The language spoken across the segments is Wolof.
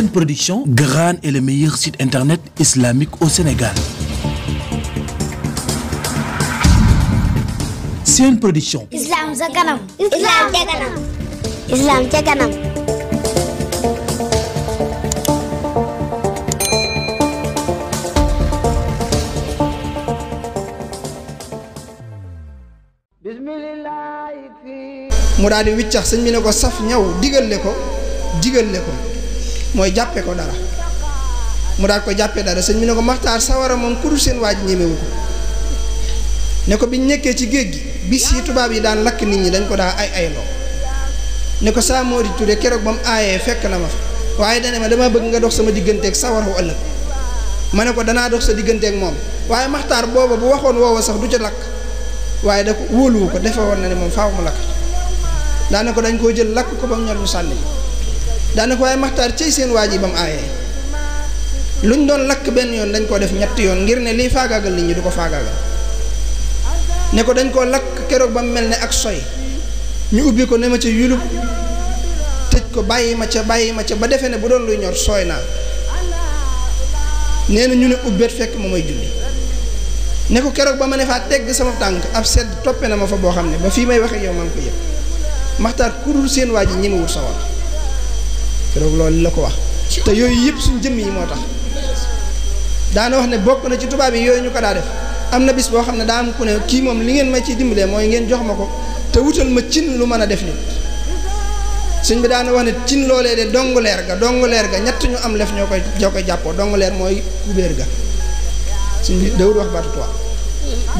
une Production, Gran est le meilleur site internet islamique au Sénégal. une Production. Islam Zaganam. Islam Zaganam. Islam Zaganam. Bismillah. daal di wiccax sëñ bi ne ko saf ñaw digal ko digal ko mooy jàppe ko dara mu daal ko jàppee dara sëñ bi ne ko maxtaar sawara moom ku seen waaj ñemewu ko ne ko biñ nekkee ci géej gi bis yi tubaab yi daan lakk nit ñi dañ ko daa ay ay loo ne ko saa Mori Touré keroog ba mu aayee fekk na ma fa waaye dane ma dama bëgg nga dox sama digganteeg sawaru ëllëg ma ne ko danaa dox sa digganteeg moom waaye maxtaar booba bu waxoon woowa sax du ca lakk waaye da ko wóoluwu ko defe woon na ne moom faaw mu lakk daane ko dañ koo jël lakk ko ba mu mu sànni ko waaye maxtar cëy seen waa ji ba mu aayee luñ doon lakk benn yoon dañ koo def ñetti yoon ngir ne lii faagaagal nit ñi du ko faagaagal ne ko dañ koo lakk keroog ba mu mel ne ak soy ñu ubbi ne ma ca yulub tëj ko bàyyi ma ca bàyyi ma ca ba defee ne bu doon luy ñor sooy naa nee na ñu ne ubbeet fekk ma may julli ne ko keroog ba ma ne faa tegg sama tànk ab sedd toppe na ma fa boo xam ne ba fi may waxe yow maa ngi ko yëg maxtaar kurul seen waa ji ñemewul sawar keroog loolu la ko wax te yooyu yëpp suñ jëmm yi moo tax daana wax ne bokk na ci tubaab yi yooyu ñu ko daa def am na bis boo xam ne daa am ku ne kii li ngeen ma ciy dimbalee mooy ngeen jox ma ko te wutal ma cin lu mën a def nit sëñ bi daana wax ne cin loolee de dong leer ga dong leer ga ñett ñu am lef ñoo koy ñoo koy jàppoo dong leer mooy kubéer ga sëñ wax baatu tubaab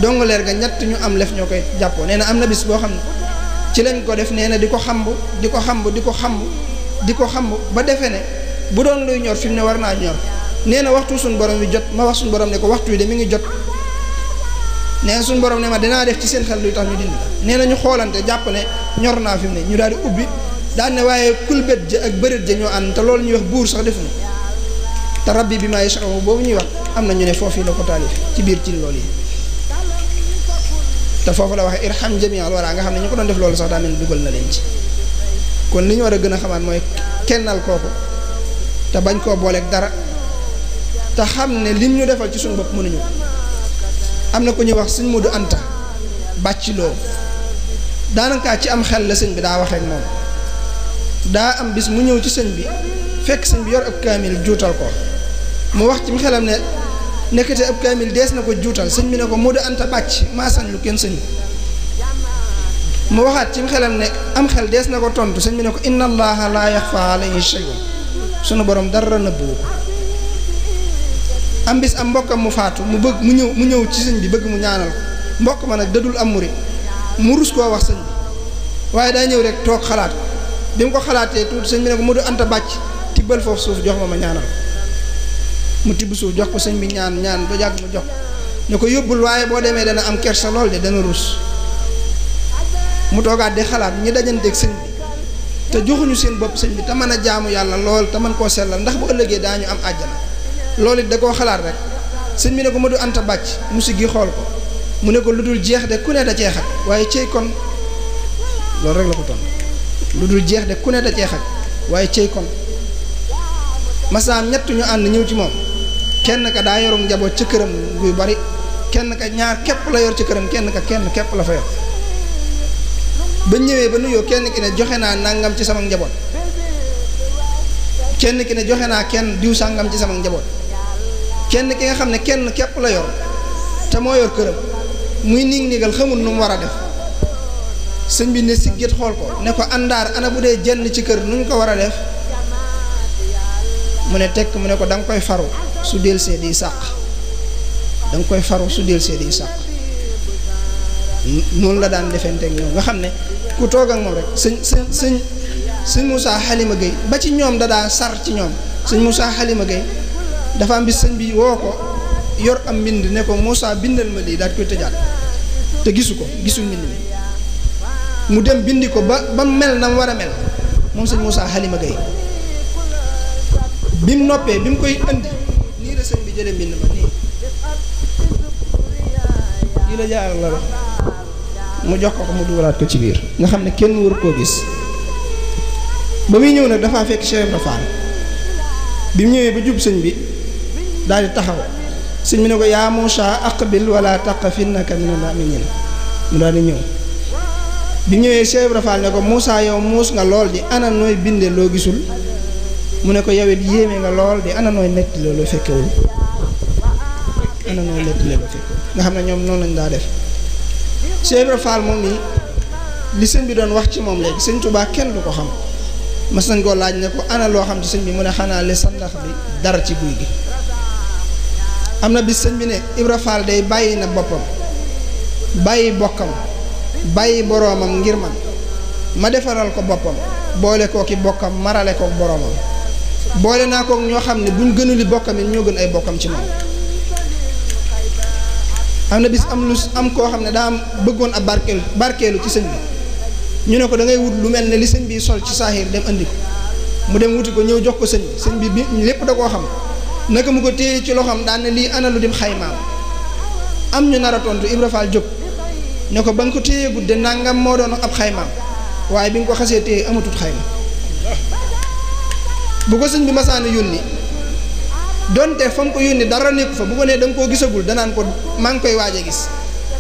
dong leer ga ñett ñu am lef ñoo koy jàppoo nee na am na bis boo xam ne ci lañ ko def nee na di ko xamb di ko xamb di ko xamb di ko xam ba defee ne bu doon luy ñor fi mu ne war naa ñor nee na waxtu suñu borom bi jot ma wax suñu borom ne ko waxtu yi de mi ngi jot nee na suñu borom ne ma dinaa def ci seen xel luy tax ñu dindi nee na ñu xoolante jàpp ne ñor naa fi mu ne ñu daal di ubbi daan ne waaye kulbét ja ak bëreet ja ñoo ànd te loolu ñuy wax buur sax def na te rabbi bi maa yasha'u boobu ñuy wax am na ñu ne foofu la ko taalif ci biir ci loolu yi te foofu la waxee irham xam ne ñu ko doon def loolu sax daa na leen ci. kon li ñu war a gën a xamaat mooy kennal kooku te bañ koo booleeg dara te xam ne lim ñu defal ci suñu bopp ko am na ko ñuy wax sëñ Modou Anta bàcciloo daanaka ci am xel la sëñ bi daa waxeek moom daa am bis mu ñëw ci sëñ bi fekk sëñ bi yor ab kaamil juutal ko mu wax ci mu xelam ne nekkate ab kaamil dees na ko juutal sëñ bi ne ko Modou Anta bàcc maa sañ lu kenn sëñ mu waxaat ci xelam ne am xel dees na ko tontu sëñ bi ne ko inna allaha laa yaxfa alayhi shay'un sunu borom dara nëbbu ko am bis am mbokkam mu faatu mu bëgg mu ñëw mu ñëw ci sëñ bi bëgg mu ñaanal mbokk ma nag dadul am murit mu rus koo wax sëñ bi waaye daay ñëw rek toog xalaat bi mu ko xalaatee tuuti sëñ bi ne ko mu du anta bàcc tibbal foofu suuf jox ma ma ñaanal mu tibb suuf jox ko sëñ bi ñaan ñaan ba jàgg mu jox ñu ko yóbbul waaye boo demee dana am kersa lool de dana rus mu toogaat di xalaat ñi dajanteeg sëñ bi te joxuñu seen bopp sëñ bi te mën a jaamu yàlla lool te mën koo sellal ndax bu ëllëgee daañu am àjjana loolu it da koo xalaat rek sëñ bi ne ko ma du anta bàcc mu gi xool ko mu ne ko lu dul jeex de ku ne da cee waaye cey kon loolu rek la dul jeex de ku ne da cee waaye cey kon masaam ñett ñu ànd ñëw ci moom kenn ka daa yorum njaboot ca këram guy bari kenn ka ñaar képp la yor ci këram kenn ka kenn képp la fa yor ba ñëwee ba nuyoo kenn ki ne joxe naa nangam ci sama njaboot kenn ki ne joxe naa kenn diw sàngam ci sama njaboot kenn ki nga xam ne kenn képp la yoon te moo yor këram muy nig nigal xamul nu mu war a def sëñ bi ne si gét xool ko ne ko àndaar ana bu dee jenn ci kër nu ñu ko war a def mu ne tekk mu ne ko danga koy faru su delsee di sàq da koy faru su delsee di sàq noonu la daan defenteeg ñoom nga xam ne ku toog ak moom rek sëñ sëñ sëñ sëñ Moussa Halima ba ci ñoom da daa sar ci ñoom sëñ Moussa xalima Gueye dafa am bi sëñ bi woo ko yor am mbind ne ko Moussa bindal ma lii daal koy tëjaat te gisu ko gisul mbind mi mu dem bindi ko ba ba mel na war a mel moom sëñ Moussa xalima Gueye bi mu noppee bi mu koy indi nii la sëñ bi jële mbind ma nii lii la la mu jox ko ko mu dugalaat ko ci biir nga xam ne kenn wër koo gis ba muy ñëw nag dafa fekk Cheikh Ibra Fall bi mu ñëwee ba jub sëñ bi daal di taxaw sëñ bi ne ko yaa musa aqbil wala min al aminin mu daal di ñëw bi ñëwee Cheikh Ibra ne ko musa yow muus nga lool di ana nooy binde loo gisul mu ne ko yow it yéeme nga lool di ana nooy loo fekkewul ana nooy loo fekkewul nga xam ne ñoom lañ daa def Cheikh Ibra Fall moom nii li sëñ bi doon wax ci moom léegi sëñ Tuubaa kenn du ko xam mas nañ laaj ne ko ana loo xam ci sëñ bi mu ne xanaa le sandax bi dara ci guy gi am na bis sëñ bi ne Ibra Fall day bàyyi na boppam bàyyi bokkam bàyyi boroomam ngir man ma defaral ko boppam boole koo ki bokkam marale kook boroomam boole naa kook ñoo xam ne buñ gënuli bokkam it ñoo gën ay bokkam ci moom am na bis am lu am koo xam ne daa am bëggoon ab barkeelu barkeelu ci sëñ bi ñu ne ko da ngay wut lu mel ne li sëñ bi sol ci saaxiir dem indi ko mu dem wuti ko ñëw jox ko sëñ bi sëñ bi bi lépp da koo xam naka mu ko téye ci loxoom daan ne lii ana lu dem xaymaam am ñu nara tontu Ibra Fall jóg ne ko ba nga ko téyee gudde nangam moo doon ab xaymaam waaye bi nga ko xasee téye amatut xayma bu ko sëñ bi masaana yónni donte fa mu ko yónni dara nekku fa bu ko nee da koo gisagul danaan ko maa ngi koy waaj gis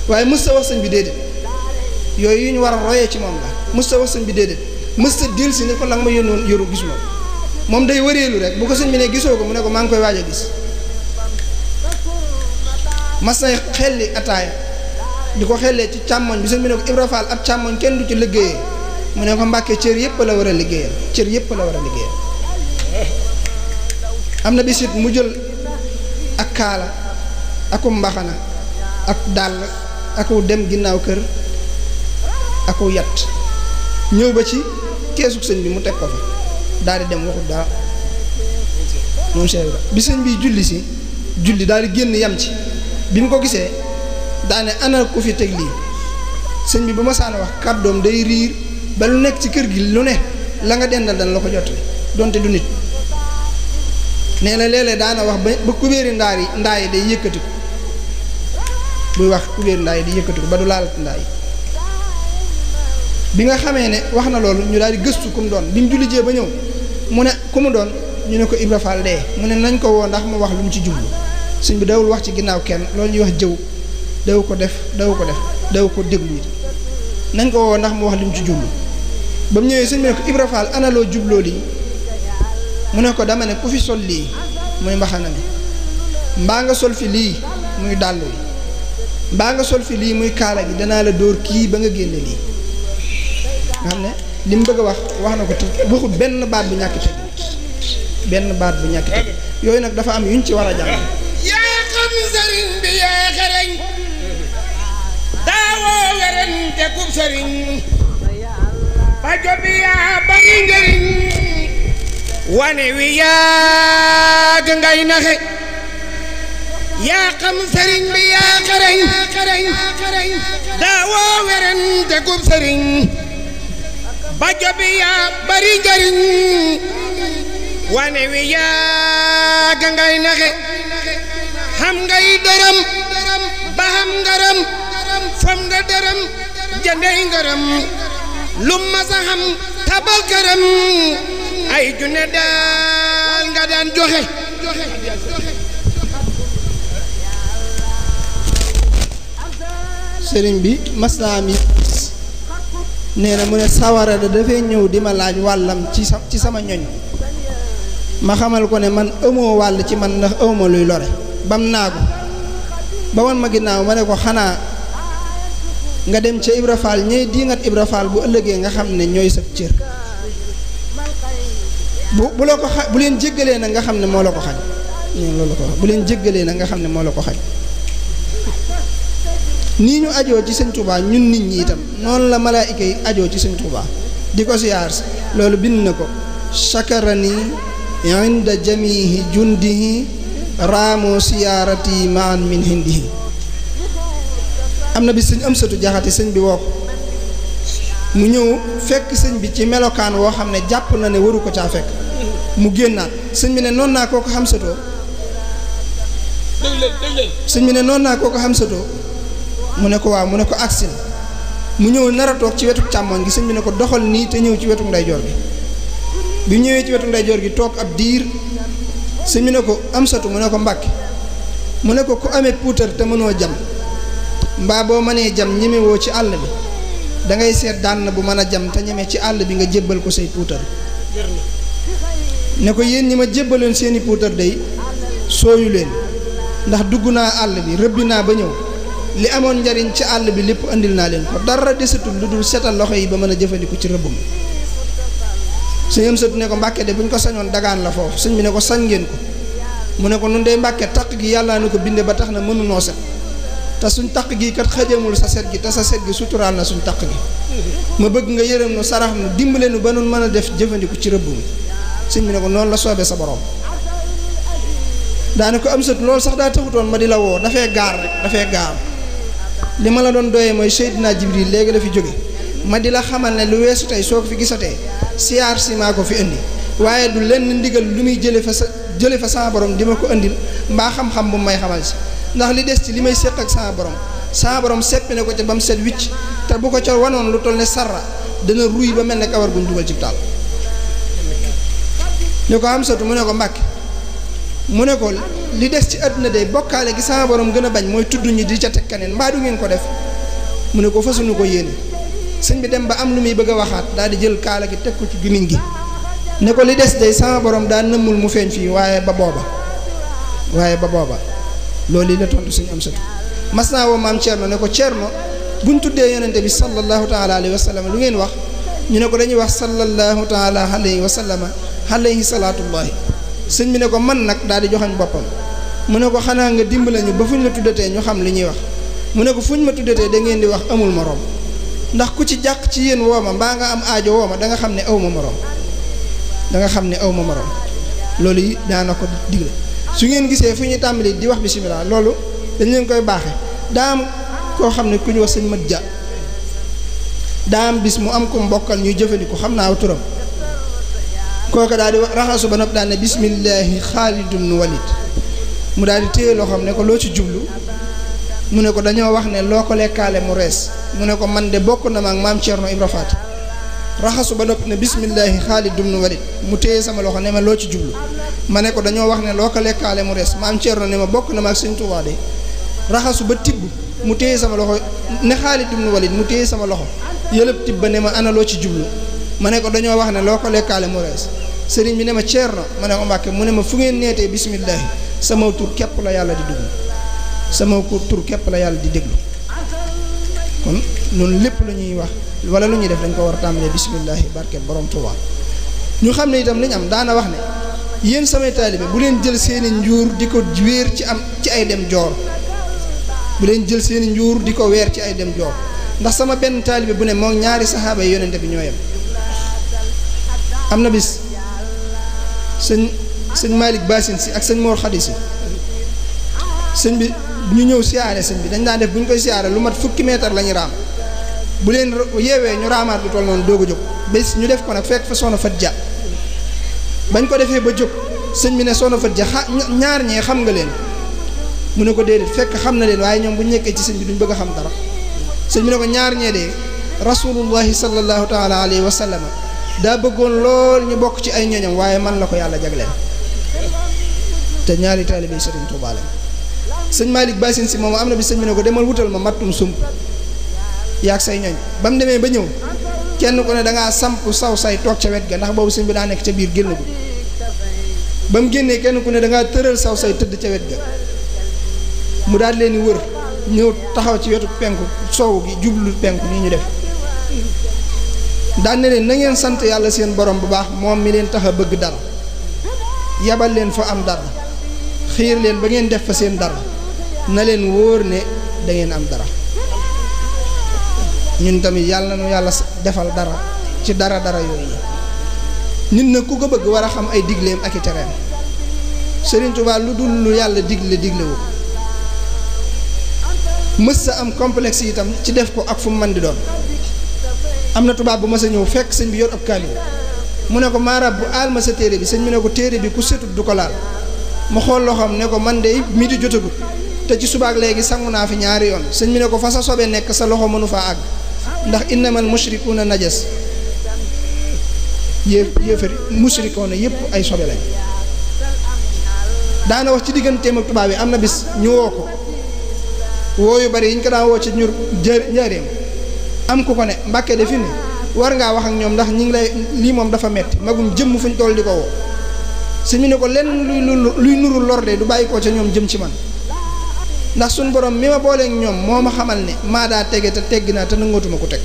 waaye mës ta wax sëñ bi déedéet yooyu yu ñu war a royee ci moom la mës ta wax sëñ bi déedéet mës ta dil si ne ko la nga ma yónnoon yoru gis moom moom day wëreelu rek bu ko sëñ bi ne gisoo ko mu ne ko maa ngi koy waaj gis mas nay xelli ataaya di ko xellee ci càmmoñ bi sëñ bi ne ko Ibra Fall ab càmmoñ kenn du ci liggéeyee mu ne ko mbàkkee cër yëpp la war a liggéeyal yëpp la war a am na bisit mu jël ak kaala akum mbaxana ak dàll aku dem ginnaaw kër aku yat ñëw ba ci keesug sëñ bi mu teg ko fa daal di dem waxut dara moom Cheikh Ibra bi sëñ bi julli si julli daal di génn yam ci bi mu ko gisee daane ana ku fi teg lii sëñ bi bu ma saana wax kàddoom day riir ba lu nekk ci kër gi lu ne la nga dendal dana la ko jot donte du nit nee na léeg daana wax ba ba kubéeri ndaar yi ndaa yi day yëkkati ko buy wax kubéeri ndaa yi day yëkkati ba du laal ndaa yi bi nga xamee ne wax na loolu ñu daal di gëstu ku mu doon bi mu julli jee ba ñëw mu ne ku mu doon ñu ne ko Ibra Fall dee mu ne nañ ko woo ndax mu wax lu mu ci jublu suñ bi dawul wax ci ginnaaw kenn loolu ñuy wax jëw daw ko def daw ko def daw ko déglu nit nañ ko woo ndax mu wax lu mu ci jublu ba mu ñëwee suñ bi ne ko Ibra Fall ana jubloo lii mu ne ko dama ne ku fi sol li muy mbaxana mi mba nga sol fi li muy dàll mba nga sol fi li muy kala gi dana la dor ki ba nga génne li nga xam ne li mu bëgg wax wax na ko te waxul baat bu ñak tëdd ben baat bu ñak tëdd yoy nak dafa am yuñ ci wara jang ya yaa bi yaa xereñ daawoo werante kub sëriñ ba jobi ya bari njëriñ wane wi yàgg ngay naxe yaa xam sëriñ bi yaa xarañ daawoo werante gub sëriñ bajo bi yaa bari njariñ wane wi yàgg ngay naxe xam ngay dërëm ba xam ngaram fam nga dërëm jëndey ngaram lu masa tabal këram ay bi maslaam yi nee na mu ne sawara da dafay ñëw di ma laaj wàllam ci ci sama ñoñ ma xamal ko ne man amoo wàll ci man ndax awma luy lore bam naa ko ba wan ma ginnaaw ma ne ko xanaa nga dem ca Ibra Faal ñey diingat Ibra Faal bu ëllëgee nga xam ne ñooy sa cër bu bu la ko xa bu leen jéggalee nag nga xam ne moo la ko xañ neen loolu la ko bu leen jéggalee nag nga xam ne moo la ko xañ nii ñu ajoo ci sëñ Touba ñun nit ñi itam noonu la malaayika yi ajoo ci sëñ Touba di ko siyaar si loolu bind na ko chakarani inda jamihi jundihi raamu siyaarati maan min hindihi am na bis sëñ am satu jaxati sëñ bi woo ko mu ñëw fekk sëñ bi ci melokaan woo xam ne jàpp na ne waru ko caa fekk mu génnaat sëñ bi ne noon naa koo ko xam satoo sëñ bi ne noonu naa koo ko xam satoo mu ne ko waaw mu ne ko agsi mu ñëw nara toog ci wetu càmmooñ gi sëñ bi ne ko doxal nii te ñëw ci wetu ndeyjoor gi bi ñëwee ci wetu ndeyjoor gi toog ab diir sëñ bi ne ko am satu mu ne ko mbàkke mu ne ko ku amee puutar te mënoo jam mbaa boo mënee jam ñemewoo ci àll bi da ngay seet dan bu mëna jam tanya ñëmé ci all bi nga jébal ko say poutar ne ko yeen ñima jébalon seeni poutar day soyu leen ndax duguna all bi rebbina ba ñew li amon njariñ ci all bi lepp andil na leen ko dara desatul luddul iba setal loxo yi ba mën a ci rebbum sëñ am ne ko mbacké de buñ ko sañon dagaan la fofu sëñ bi ne ko sañ ngeen ko mu ne ko nun day mbacké tak gi yalla bindé ba taxna na no set te suñ taq gii kat xëjamul sa set gi te sa set gi suturaal na suñ taq gi ma bëgg nga yërëm nu sarax nu dimbale nu ba nun mën a def jëfandiku ci rëbb mi sëñ bi ne ko noonu la soobee sa borom daane ko am sët loolu sax daa taxutoon ma di la woo dafay gaar rek dafay gaar li ma la doon doye mooy Seydina Jibril léegi la fi jóge ma di la xamal ne lu weesu tey soo ko fi gisatee siyaar si maa ko fi indi waaye du lenn ndigal lu muy jële fa sa jële fa sama borom di ma ko indil mbaa xam-xam bu may xamal si ndax li des ci li may séq ak saa borom saa borom seppi na ko ca ba mu set wicc te bu ko ca wanoon lu toll ne sarra dana ruy ba mel ne kawar gu ñu dugal ci taal ñu ko am sotu mu ne ko mbàkke mu ne ko li des ci àdduna day bokkaale gi sama borom gën a bañ mooy tudd ñi di ca teg keneen mbaa du ngeen ko def mu ne ko fasuñu ko yéene sëñ bi dem ba am lu muy bëgg a waxaat daal di jël kaala gi teg ko ci gimiñ gi ne ko li des day sama borom daa nëmmul mu feeñ fii waaye ba booba waaye ba booba loolu yi la tontu suñu am satu mas naa woo maam Thierno ne ko Thierno buñ tuddee yonente bi sallallahu taala alayhi wa sallam lu ngeen wax ñu ne ko dañuy wax sallallahu taala alayhi wa sallama alayhi salaatullahi sëñ bi ne ko man nag daal di joxañ boppam mu ne ko xanaa nga dimbale ñu ba fuñ la tuddatee ñu xam li ñuy wax mu ne ko fuñ ma tuddatee da ngeen di wax amul moroom ndax ku ci jàq ci yéen wooma mbaa nga am aajo wooma danga xam ne aw ma morom da nga xam ne aw ma morom loolu yi daana ko digle su ngeen gisee fu ñuy tàmbali di wax bisimilah loolu dañ leen koy baaxe daa koo xam ne ku ñu wax sëñ mat ja daa bis mu am ko mbokkal ñuy jëfandiku xam naa aw turam kooka daal di raxasu ba nopp daal ne bisimilahi xaalidun walid mu daal di téye loo ne ko loo ci jublu mu ne ko dañoo wax ne loo ko lekkaale mu rees mu ne ko man de bokk na ma ak maam Thierno Ibra Faty raxasu ba nopp ne bismillahi xaalid dum nu walid mu téye sama loxo ne ma loo ci jublu ma ne ko dañoo wax ne loo ko lekkaale mu rees maam Cerno ne ma bokk na ma ak sëñ Tuubaa raxasu ba tibb mu téye sama loxo ne xaalid dum nu mu téye sama loxo yëlëb tibb ba ne ma ana loo ci jublu ma ne ko dañoo wax ne loo ko lekkaale mu rees sëriñ bi ne ma Cerno ma ne ko Mbàkke mu ne ma fu ngeen neetee bismillahi sama tur képp la yàlla di dugg sama képp la yàlla di déglu noonu lépp lu ñuy wax wala lu ñuy def dañ ko war a tàmbalee bisimillahi barke borom Tuubaa ñu xam ne itam li ñu am daana wax ne yéen samay taalibe bu leen jël seeni njuur di ko wéer ci am ci ay dem joor bu leen jël seeni njuur di ko weer ci ay dem joor ndax sama benn taalibe bu ne moom ñaari saxaaba yi yonente bi ñoo yem am na bis sëñ sëñ Malick Bassine si ak sëñ Mor Khady si sëñ bi ñu ñëw siyaare sëñ bi dañ daan def bu ñu koy siyaare lu mat fukki meetar la ñu raam bu leen yeewee ñu raamaat lu toll noonu doog a jóg bés ñu def ko nag fekk fa soxna fat ja bañ ko defee ba jóg sëñ bi ne soxna fat ja ñaar ñee xam nga leen mu ne ko déedéet fekk xam na leen waaye ñoom bu nekkee ci sëñ bi duñ bëgg xam dara sëñ bi ne ko ñaar ñee de rasulullahi sallallahu taala alayhi wa sallam daa bëggoon lool ñu bokk ci ay ñoñam waaye man la ko yàlla jagleel te ñaari taalibe sëriñ Tuubaa la sëñ Malick Bassine si moom am na bi sëñ bi ne ko demal wutal ma mattum sump yak say ñooñ bam démé banyu, ba ñew kenn ku ne da nga samp saw say tok ci wét ga ndax bobu sëñ bi da nek ci biir génn gu bam mu kenn ku ne da nga teurel saw say tedd ci wét ga mu daal leen wër ñew taxaw ci wétu penku soow gi jublu penku ni ñu def daal leen na ngeen sant yalla seen borom bu baax mom mi leen taxa bëgg dal yabal leen fa am dara xiir leen ba ngeen def fa seen dara na leen wóor ne da ngeen am dara ñun tamit yàlla na nu yàlla defal dara ci dara dara yooyu nit na ku ko bëgg war a xam ay digleem ak i tereem Serigne Touba lu dul lu yàlla digle diglewu mës sa am complexe itam ci def ko ak fu mu mën di doon am na tubaab bu mës a ñëw fekk sëñ bi yor ab kaamil mu ne ko maarab bu aal ma sa téere bi sëñ bi ne ko téere bi ku setut du ko laal mu xool loxoom ne ko man de midi jotagut te ci subaak léegi sangu naa fi ñaari yoon sëñ bi ne ko fa sa sobe nekk sa loxo mënu faa àgg ndax innamal mushrikuuna najas yéef yéefari mushrikuuna yëpp ay sobe lañ daana wax ci digganteem ak tubaab yi am na bis ñu woo ko wooyu bari yi ñu ko daan woo ci ñur njëreem am ku ko ne mbàkke de fi ne war ngaa wax ak ñoom ndax ñi ngi lay lii moom dafa metti magum jëmm fu ñu toll di ko woo su ñu ne ko lenn luy luy nuru lor de du bàyyi ko ca ñoom jëm ci man ndax suñ borom mi ma booleeg ñoom moo ma xamal ne maa daa tege te tegg naa te nangootuma ko teg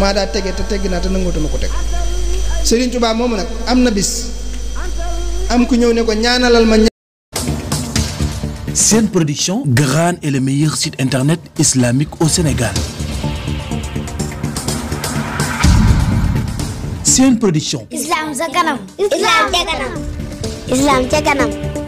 maa daa tege te tegg naa te nangootuma ko teg Serigne Touba moomu nag am na bis am ku ñëw ne ko ñaanalal ma. Sen Production Gran et le meilleur site internet islamique au Sénégal. Sen Production. Islam sa kanam. Islam ca kanam. Islam ca kanam.